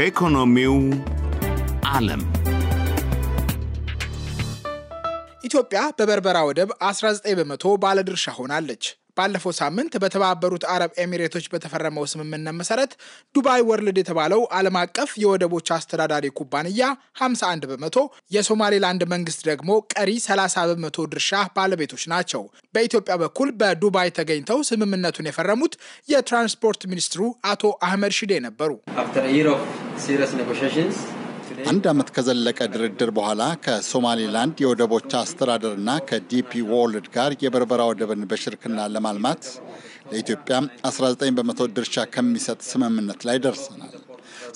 ከኢኮኖሚው ዓለም ኢትዮጵያ በበርበራ ወደብ 19 በመቶ ባለድርሻ ሆናለች። ባለፈው ሳምንት በተባበሩት አረብ ኤሚሬቶች በተፈረመው ስምምነት መሰረት ዱባይ ወርልድ የተባለው ዓለም አቀፍ የወደቦች አስተዳዳሪ ኩባንያ 51 በመቶ፣ የሶማሌላንድ መንግስት ደግሞ ቀሪ 30 በመቶ ድርሻ ባለቤቶች ናቸው። በኢትዮጵያ በኩል በዱባይ ተገኝተው ስምምነቱን የፈረሙት የትራንስፖርት ሚኒስትሩ አቶ አህመድ ሽዴ ነበሩ። አንድ ዓመት ከዘለቀ ድርድር በኋላ ከሶማሌላንድ የወደቦች አስተዳደርና ከዲፒ ወርልድ ጋር የበርበራ ወደብን በሽርክና ለማልማት ለኢትዮጵያ 19 በመቶ ድርሻ ከሚሰጥ ስምምነት ላይ ደርሰናል።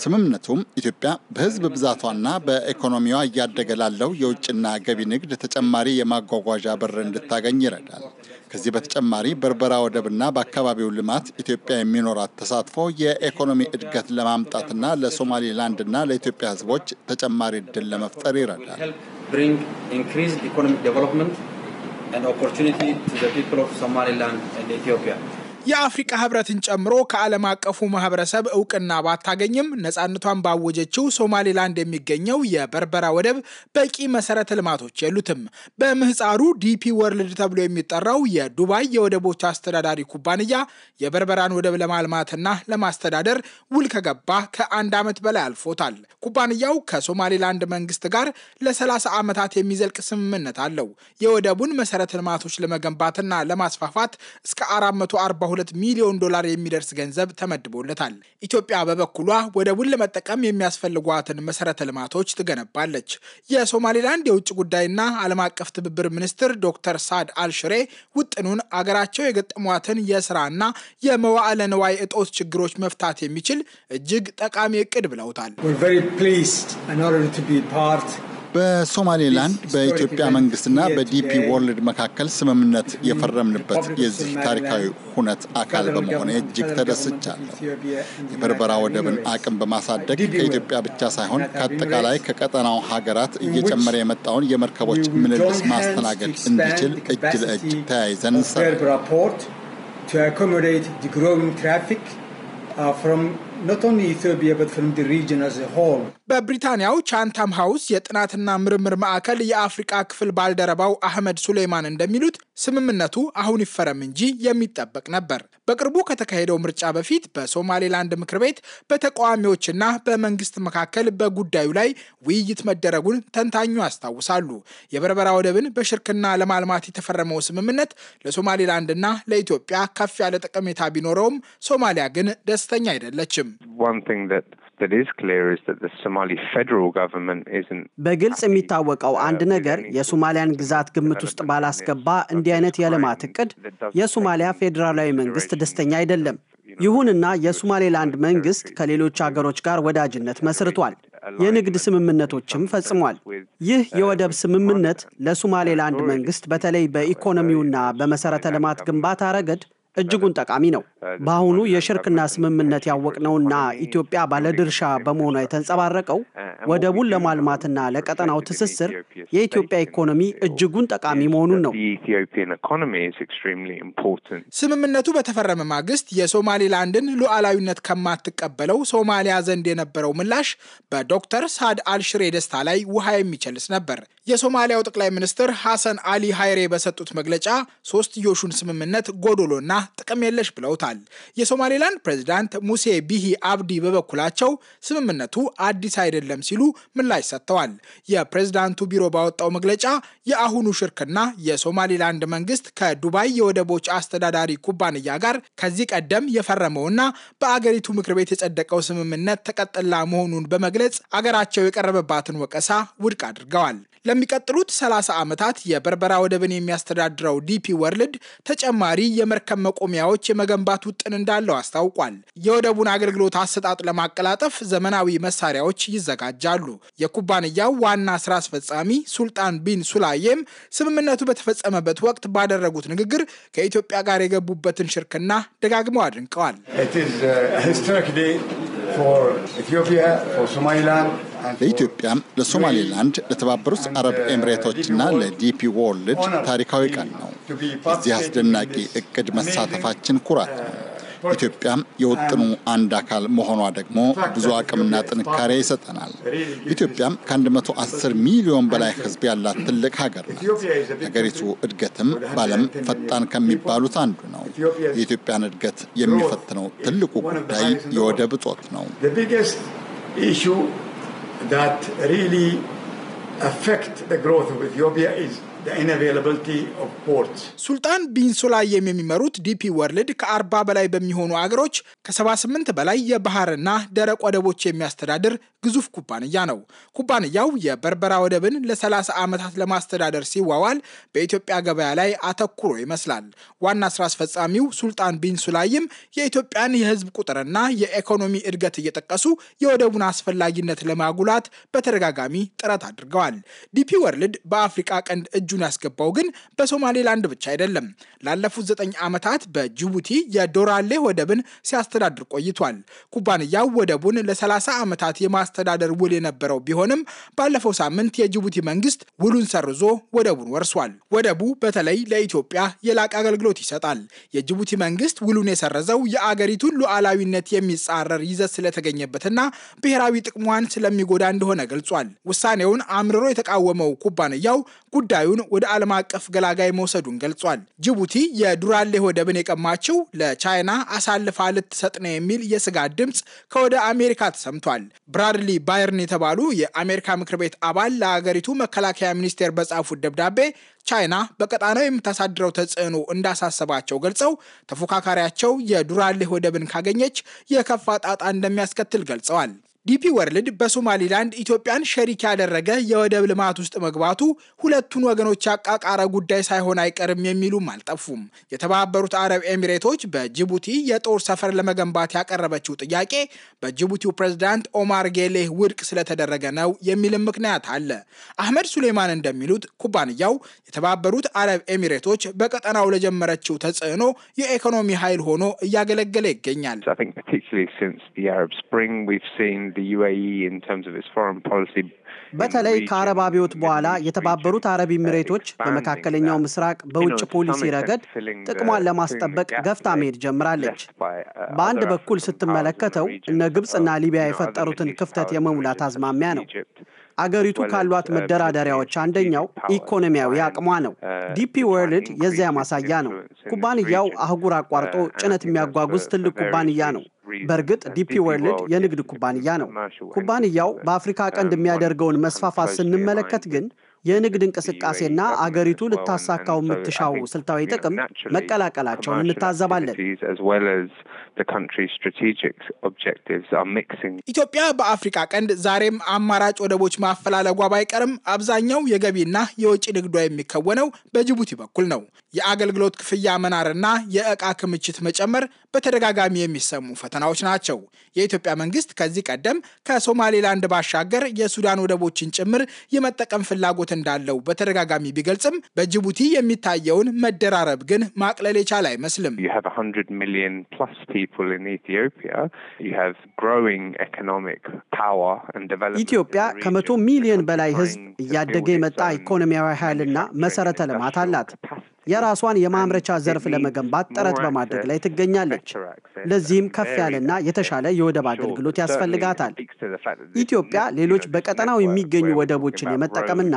ስምምነቱም ኢትዮጵያ በህዝብ ብዛቷና በኢኮኖሚዋ እያደገ ላለው የውጭና ገቢ ንግድ ተጨማሪ የማጓጓዣ በር እንድታገኝ ይረዳል። ከዚህ በተጨማሪ በርበራ ወደብና በአካባቢው ልማት ኢትዮጵያ የሚኖራት ተሳትፎ የኢኮኖሚ እድገት ለማምጣትና ለሶማሌላንድና ለኢትዮጵያ ህዝቦች ተጨማሪ እድል ለመፍጠር ይረዳል። ኢኮኖሚክ ዴቨሎፕመንት ኦፖርቹኒቲ ቱ ፒፕል ኦፍ ሶማሌላንድ ኢትዮጵያ የአፍሪቃ ህብረትን ጨምሮ ከዓለም አቀፉ ማህበረሰብ እውቅና ባታገኝም ነፃነቷን ባወጀችው ሶማሌላንድ የሚገኘው የበርበራ ወደብ በቂ መሰረተ ልማቶች የሉትም። በምህፃሩ ዲፒ ወርልድ ተብሎ የሚጠራው የዱባይ የወደቦች አስተዳዳሪ ኩባንያ የበርበራን ወደብ ለማልማትና ለማስተዳደር ውል ከገባ ከአንድ ዓመት በላይ አልፎታል። ኩባንያው ከሶማሌላንድ መንግስት ጋር ለ30 ዓመታት የሚዘልቅ ስምምነት አለው። የወደቡን መሰረተ ልማቶች ለመገንባትና ለማስፋፋት እስከ 44 142 ሚሊዮን ዶላር የሚደርስ ገንዘብ ተመድቦለታል። ኢትዮጵያ በበኩሏ ወደቡን ለመጠቀም የሚያስፈልጓትን መሰረተ ልማቶች ትገነባለች። የሶማሌላንድ የውጭ ጉዳይና ዓለም አቀፍ ትብብር ሚኒስትር ዶክተር ሳድ አልሽሬ ውጥኑን አገራቸው የገጠሟትን የስራና የመዋዕለ ንዋይ እጦት ችግሮች መፍታት የሚችል እጅግ ጠቃሚ እቅድ ብለውታል። በሶማሌላንድ በኢትዮጵያ መንግስትና በዲፒ ወርልድ መካከል ስምምነት የፈረምንበት የዚህ ታሪካዊ ሁነት አካል በመሆነ እጅግ ተደስቻለሁ። የበርበራ ወደብን አቅም በማሳደግ ከኢትዮጵያ ብቻ uh, ሳይሆን ከአጠቃላይ ከቀጠናው ሀገራት እየጨመረ የመጣውን የመርከቦች ምልልስ ማስተናገድ እንዲችል እጅ ለእጅ ተያይዘን እንሰራለን። በብሪታንያው ቻንታም ሃውስ የጥናትና ምርምር ማዕከል የአፍሪቃ ክፍል ባልደረባው አህመድ ሱሌይማን እንደሚሉት ስምምነቱ አሁን ይፈረም እንጂ የሚጠበቅ ነበር። በቅርቡ ከተካሄደው ምርጫ በፊት በሶማሌላንድ ምክር ቤት በተቃዋሚዎችና በመንግስት መካከል በጉዳዩ ላይ ውይይት መደረጉን ተንታኙ ያስታውሳሉ። የበርበራ ወደብን በሽርክና ለማልማት የተፈረመው ስምምነት ለሶማሌላንድና ለኢትዮጵያ ከፍ ያለ ጠቀሜታ ቢኖረውም ሶማሊያ ግን ደስተኛ አይደለችም። በግልጽ የሚታወቀው uh, አንድ ነገር የሶማሊያን ግዛት ግምት ውስጥ ባላስገባ እንዲህ አይነት የልማት እቅድ የሶማሊያ ፌዴራላዊ መንግስት ደስተኛ አይደለም። ይሁንና የሶማሌላንድ መንግስት ከሌሎች አገሮች ጋር ወዳጅነት መስርቷል። የንግድ ስምምነቶችም ፈጽሟል። ይህ uh, የወደብ ስምምነት ለሶማሌላንድ መንግስት በተለይ በኢኮኖሚውና በመሰረተ ልማት ግንባታ ረገድ እጅጉን ጠቃሚ ነው። በአሁኑ የሽርክና ስምምነት ያወቅነውና ኢትዮጵያ ባለድርሻ በመሆኗ የተንጸባረቀው ወደቡን ለማልማትና ለቀጠናው ትስስር የኢትዮጵያ ኢኮኖሚ እጅጉን ጠቃሚ መሆኑን ነው። ስምምነቱ በተፈረመ ማግስት የሶማሌላንድን ሉዓላዊነት ከማትቀበለው ሶማሊያ ዘንድ የነበረው ምላሽ በዶክተር ሳድ አልሽሬ ደስታ ላይ ውሃ የሚቸልስ ነበር። የሶማሊያው ጠቅላይ ሚኒስትር ሐሰን አሊ ሃይሬ በሰጡት መግለጫ ሶስትዮሹን ስምምነት ጎዶሎና ጥቅም የለሽ ብለውታል። የሶማሌላንድ ፕሬዚዳንት ሙሴ ቢሂ አብዲ በበኩላቸው ስምምነቱ አዲስ አይደለም ሲሉ ምላሽ ሰጥተዋል። የፕሬዝዳንቱ ቢሮ ባወጣው መግለጫ የአሁኑ ሽርክና የሶማሌላንድ መንግስት ከዱባይ የወደቦች አስተዳዳሪ ኩባንያ ጋር ከዚህ ቀደም የፈረመውና በአገሪቱ ምክር ቤት የጸደቀው ስምምነት ተቀጥላ መሆኑን በመግለጽ አገራቸው የቀረበባትን ወቀሳ ውድቅ አድርገዋል። ለሚቀጥሉት 30 ዓመታት የበርበራ ወደብን የሚያስተዳድረው ዲፒ ወርልድ ተጨማሪ የመርከብ መቆሚያዎች የመገንባት ውጥን እንዳለው አስታውቋል። የወደቡን አገልግሎት አሰጣጥ ለማቀላጠፍ ዘመናዊ መሳሪያዎች ይዘጋጃሉ። የኩባንያው ዋና ስራ አስፈጻሚ ሱልጣን ቢን ሱላዬም ስምምነቱ በተፈጸመበት ወቅት ባደረጉት ንግግር ከኢትዮጵያ ጋር የገቡበትን ሽርክና ደጋግመው አድንቀዋል። uh, ለኢትዮጵያ፣ ለሶማሌላንድ፣ ለተባበሩት አረብ ኤምሬቶችና ለዲፒ ወርልድ ታሪካዊ ቀን ነው። እዚህ አስደናቂ እቅድ መሳተፋችን ኩራት ነው። ኢትዮጵያም የውጥኑ አንድ አካል መሆኗ ደግሞ ብዙ አቅምና ጥንካሬ ይሰጠናል። ኢትዮጵያም ከ110 ሚሊዮን በላይ ሕዝብ ያላት ትልቅ ሀገር ናት። ሀገሪቱ እድገትም በዓለም ፈጣን ከሚባሉት አንዱ ነው። የኢትዮጵያን እድገት የሚፈትነው ትልቁ ጉዳይ የወደብ እጦት ነው። that really affect the growth of Ethiopia is ሱልጣን ቢን ሱላየም የሚመሩት ዲፒ ወርልድ ከ40 በላይ በሚሆኑ አገሮች ከ78 በላይ የባህርና ደረቅ ወደቦች የሚያስተዳድር ግዙፍ ኩባንያ ነው። ኩባንያው የበርበራ ወደብን ለ30 ዓመታት ለማስተዳደር ሲዋዋል በኢትዮጵያ ገበያ ላይ አተኩሮ ይመስላል። ዋና ስራ አስፈጻሚው ሱልጣን ቢን ሱላይም የኢትዮጵያን የህዝብ ቁጥርና የኢኮኖሚ እድገት እየጠቀሱ የወደቡን አስፈላጊነት ለማጉላት በተደጋጋሚ ጥረት አድርገዋል። ዲፒ ወርልድ በአፍሪቃ ቀንድ እጁ እጁን ያስገባው ግን በሶማሌላንድ ብቻ አይደለም። ላለፉት ዘጠኝ ዓመታት በጅቡቲ የዶራሌ ወደብን ሲያስተዳድር ቆይቷል። ኩባንያው ወደቡን ለ30 ዓመታት የማስተዳደር ውል የነበረው ቢሆንም ባለፈው ሳምንት የጅቡቲ መንግስት ውሉን ሰርዞ ወደቡን ወርሷል። ወደቡ በተለይ ለኢትዮጵያ የላቀ አገልግሎት ይሰጣል። የጅቡቲ መንግስት ውሉን የሰረዘው የአገሪቱን ሉዓላዊነት የሚጻረር ይዘት ስለተገኘበትና ብሔራዊ ጥቅሟን ስለሚጎዳ እንደሆነ ገልጿል። ውሳኔውን አምርሮ የተቃወመው ኩባንያው ጉዳዩን ወደ ዓለም አቀፍ ገላጋይ መውሰዱን ገልጿል። ጅቡቲ የዱራሌ ወደብን የቀማችው ለቻይና አሳልፋ ልትሰጥ ነው የሚል የስጋት ድምፅ ከወደ አሜሪካ ተሰምቷል። ብራድሊ ባየርን የተባሉ የአሜሪካ ምክር ቤት አባል ለአገሪቱ መከላከያ ሚኒስቴር በጻፉት ደብዳቤ ቻይና በቀጣናው የምታሳድረው ተጽዕኖ እንዳሳሰባቸው ገልጸው ተፎካካሪያቸው የዱራሌ ወደብን ካገኘች የከፋ ጣጣ እንደሚያስከትል ገልጸዋል። ዲፒ ወርልድ በሶማሊላንድ ኢትዮጵያን ሸሪክ ያደረገ የወደብ ልማት ውስጥ መግባቱ ሁለቱን ወገኖች ያቃቃረ ጉዳይ ሳይሆን አይቀርም የሚሉም አልጠፉም። የተባበሩት አረብ ኤሚሬቶች በጅቡቲ የጦር ሰፈር ለመገንባት ያቀረበችው ጥያቄ በጅቡቲው ፕሬዝዳንት ኦማር ጌሌህ ውድቅ ስለተደረገ ነው የሚልም ምክንያት አለ። አህመድ ሱሌማን እንደሚሉት ኩባንያው የተባበሩት አረብ ኤሚሬቶች በቀጠናው ለጀመረችው ተጽዕኖ የኢኮኖሚ ኃይል ሆኖ እያገለገለ ይገኛል። E በተለይ ከአረብ አብዮት በኋላ የተባበሩት አረብ uh, ኤሚሬቶች በመካከለኛው uh, ምስራቅ በውጭ ፖሊሲ ረገድ ጥቅሟን ለማስጠበቅ ገፍታ መሄድ ጀምራለች። uh, በአንድ በኩል ስትመለከተው እነ ግብፅና ሊቢያ የፈጠሩትን ክፍተት የመሙላት አዝማሚያ ነው። አገሪቱ ካሏት uh, መደራደሪያዎች አንደኛው ኢኮኖሚያዊ አቅሟ ነው። ዲፒ uh, ወርልድ የዚያ ማሳያ ነው። ኩባንያው አህጉር አቋርጦ uh, ጭነት የሚያጓጉዝ ትልቅ ኩባንያ ነው። በእርግጥ ዲፒ ወርልድ የንግድ ኩባንያ ነው። ኩባንያው በአፍሪካ ቀንድ የሚያደርገውን መስፋፋት ስንመለከት ግን የንግድ e እንቅስቃሴና አገሪቱ ልታሳካው የምትሻው ስልታዊ ጥቅም መቀላቀላቸውን እንታዘባለን። ኢትዮጵያ በአፍሪካ ቀንድ ዛሬም አማራጭ ወደቦች ማፈላለጓ ባይቀርም አብዛኛው የገቢና የውጭ ንግዷ የሚከወነው በጅቡቲ በኩል ነው። የአገልግሎት ክፍያ መናርና የእቃ ክምችት መጨመር በተደጋጋሚ የሚሰሙ ፈተናዎች ናቸው። የኢትዮጵያ መንግስት ከዚህ ቀደም ከሶማሌላንድ ባሻገር የሱዳን ወደቦችን ጭምር የመጠቀም ፍላጎት እንዳለው በተደጋጋሚ ቢገልጽም በጅቡቲ የሚታየውን መደራረብ ግን ማቅለል የቻለ አይመስልም። ኢትዮጵያ ከመቶ ሚሊዮን በላይ ህዝብ እያደገ የመጣ ኢኮኖሚያዊ ኃይልና መሰረተ ልማት አላት። የራሷን የማምረቻ ዘርፍ ለመገንባት ጥረት በማድረግ ላይ ትገኛለች። ለዚህም ከፍ ያለና የተሻለ የወደብ አገልግሎት ያስፈልጋታል። ኢትዮጵያ ሌሎች በቀጠናው የሚገኙ ወደቦችን የመጠቀምና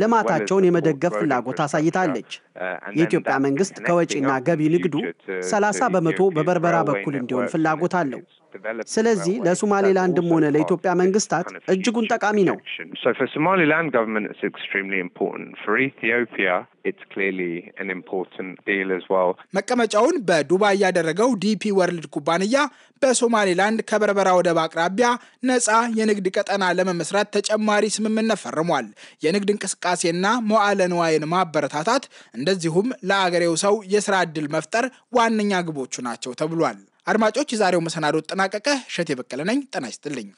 ልማታቸውን የመደገፍ ፍላጎት አሳይታለች። uh, የኢትዮጵያ መንግስት ከወጪና ገቢ ንግዱ 30 በመቶ በበርበራ በኩል እንዲሆን ፍላጎት አለው። ስለዚህ ለሶማሌላንድም ሆነ ለኢትዮጵያ መንግስታት እጅጉን ጠቃሚ ነው። መቀመጫውን በዱባይ ያደረገው ዲፒ ወርልድ ኩባንያ በሶማሌላንድ ከበርበራ ወደብ አቅራቢያ ነፃ የንግድ ቀጠና ለመመስራት ተጨማሪ ስምምነት ፈርሟል። የንግድ እንቅስቃሴና መዋዕለ ንዋይን ማበረታታት እንደዚሁም ለአገሬው ሰው የስራ ዕድል መፍጠር ዋነኛ ግቦቹ ናቸው ተብሏል። አድማጮች፣ የዛሬው መሰናዶ ተጠናቀቀ። እሸቴ በቀለ ነኝ። ጤና ይስጥልኝ።